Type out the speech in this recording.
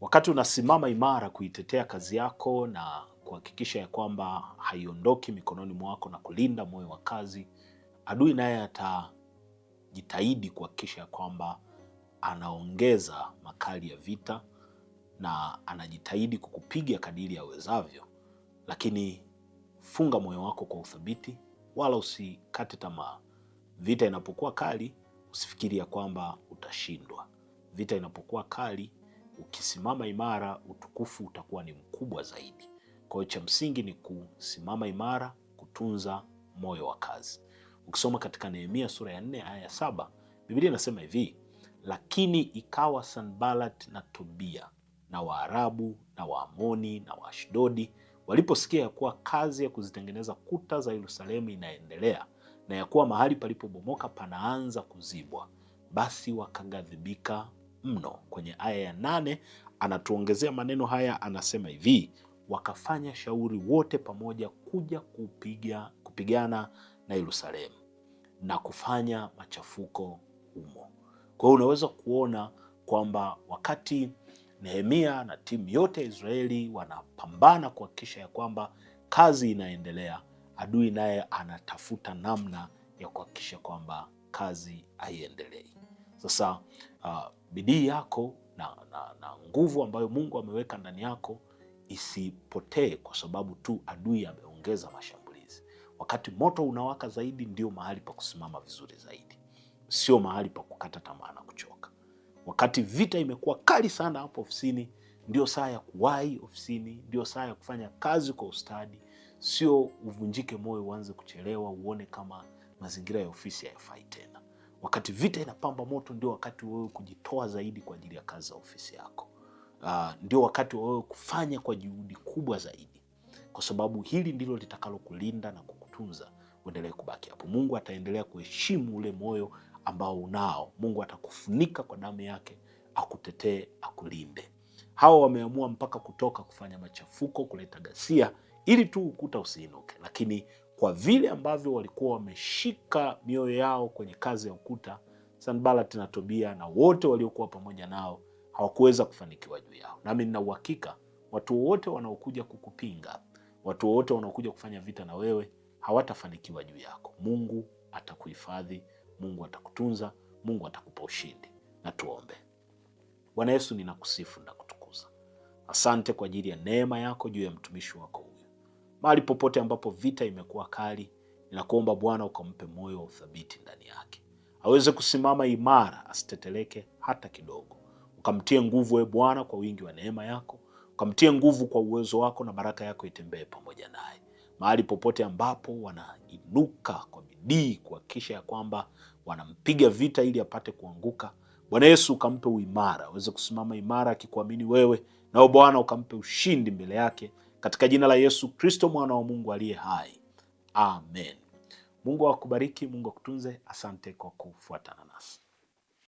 Wakati unasimama imara kuitetea kazi yako na kuhakikisha ya kwamba haiondoki mikononi mwako na kulinda moyo wa kazi, adui naye atajitahidi kuhakikisha ya kwamba anaongeza makali ya vita na anajitahidi kukupiga kadiri wezavyo lakini funga moyo wako kwa uthabiti, wala usikate tamaa. Vita inapokuwa kali, usifikiri ya kwamba utashindwa. Vita inapokuwa kali ukisimama imara, utukufu utakuwa ni mkubwa zaidi. Kwa hiyo cha msingi ni kusimama imara, kutunza moyo wa kazi. Ukisoma katika Nehemia sura ya 4 aya ya saba Biblia inasema hivi: lakini ikawa Sanbalat na Tobia na Waarabu na Waamoni na Waashdodi waliposikia ya kuwa kazi ya kuzitengeneza kuta za Yerusalemu inaendelea na ya kuwa mahali palipobomoka panaanza kuzibwa, basi wakaghadhibika mno. Kwenye aya ya nane anatuongezea maneno haya, anasema hivi wakafanya shauri wote pamoja kuja kupiga, kupigana na Yerusalemu na kufanya machafuko humo. Kwa hiyo unaweza kuona kwamba wakati Nehemia na timu yote ya Israeli wanapambana kuhakikisha ya kwamba kazi inaendelea, adui naye anatafuta namna ya kuhakikisha kwamba kazi haiendelei. Sasa uh, bidii yako na, na, na nguvu ambayo Mungu ameweka ndani yako isipotee kwa sababu tu adui ameongeza mashambulizi. Wakati moto unawaka zaidi, ndio mahali pa kusimama vizuri zaidi, sio mahali pa kukata tamaa na kuchoka. Wakati vita imekuwa kali sana hapo ofisini, ndio saa ya kuwahi ofisini, ndio saa ya kufanya kazi kwa ustadi, sio uvunjike moyo, uanze kuchelewa, uone kama mazingira ya ofisi hayafai tena. Wakati vita inapamba moto, ndio wakati wewe kujitoa zaidi kwa ajili ya kazi za ofisi yako. Uh, ndio wakati wa wewe kufanya kwa juhudi kubwa zaidi, kwa sababu hili ndilo litakalokulinda na kukutunza uendelee kubaki hapo. Mungu ataendelea kuheshimu ule moyo ambao unao. Mungu atakufunika kwa damu yake, akutetee, akulinde. Hawa wameamua mpaka kutoka kufanya machafuko, kuleta ghasia ili tu ukuta usiinuke, lakini kwa vile ambavyo walikuwa wameshika mioyo yao kwenye kazi ya ukuta, sanbalat na Tobia na wote waliokuwa pamoja nao hawakuweza kufanikiwa juu yao. Nami nina uhakika watu wote wanaokuja kukupinga, watu wote wanaokuja kufanya vita na wewe hawatafanikiwa juu yako. Mungu atakuhifadhi, Mungu atakutunza, Mungu atakupa ushindi. Na tuombe. Bwana Yesu, ninakusifu na kutukuza. Asante kwa ajili ya neema yako juu ya mtumishi wako mahali popote ambapo vita imekuwa kali, ninakuomba Bwana ukampe moyo wa uthabiti ndani yake, aweze kusimama imara, asiteteleke hata kidogo. Ukamtie nguvu, e Bwana, kwa wingi wa neema yako, ukamtie nguvu kwa uwezo wako, na baraka yako itembee pamoja naye mahali popote ambapo wanainuka kwa bidii kuhakikisha ya kwamba wanampiga vita ili apate kuanguka. Bwana Yesu ukampe uimara, aweze kusimama imara akikuamini wewe, nao Bwana ukampe ushindi mbele yake katika jina la Yesu Kristo mwana wa Mungu aliye hai, amen. Mungu akubariki, Mungu akutunze. Asante kwa kufuatana nasi.